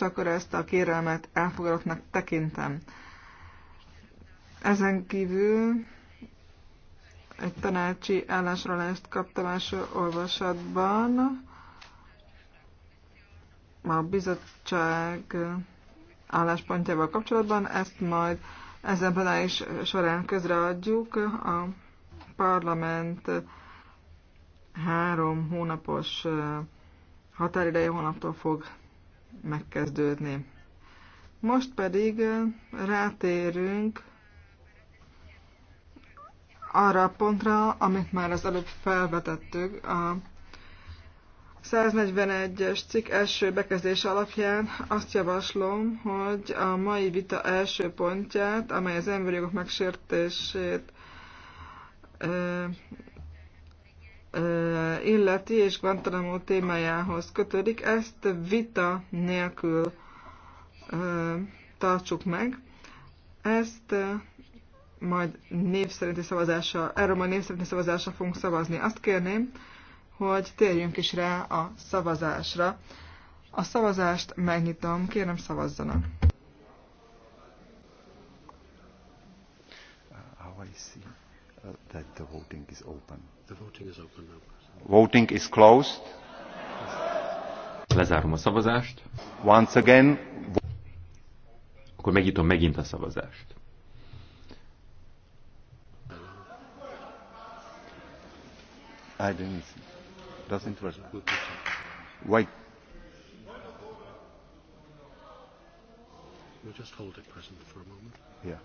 és akkor ezt a kérelmet elfogadottnak tekintem. Ezen kívül egy tanácsi állásrólást kaptam első olvasatban. A bizottság álláspontjával kapcsolatban ezt majd ezen is során közreadjuk. A parlament három hónapos határideje hónaptól fog megkezdődni. Most pedig rátérünk arra a pontra, amit már az előbb felvetettük, a 141-es cikk első bekezdés alapján azt javaslom, hogy a mai vita első pontját, amely az emberi jogok megsértését illeti, és Guantanamo témájához kötődik, ezt vita nélkül tartsuk meg. Ezt majd név szerinti szavazással, erről majd név szerinti szavazással fogunk szavazni. Azt kérném, hogy térjünk is rá a szavazásra. A szavazást megnyitom, kérem szavazzanak. Uh, ah, how I see. Uh, that the voting is open. The voting is open now. Voting is closed. Lezárom a szavazást. Once again. Akkor megnyitom megint a szavazást. I didn't see. Doesn't work. Wait. We'll just hold it present for a moment. Yeah.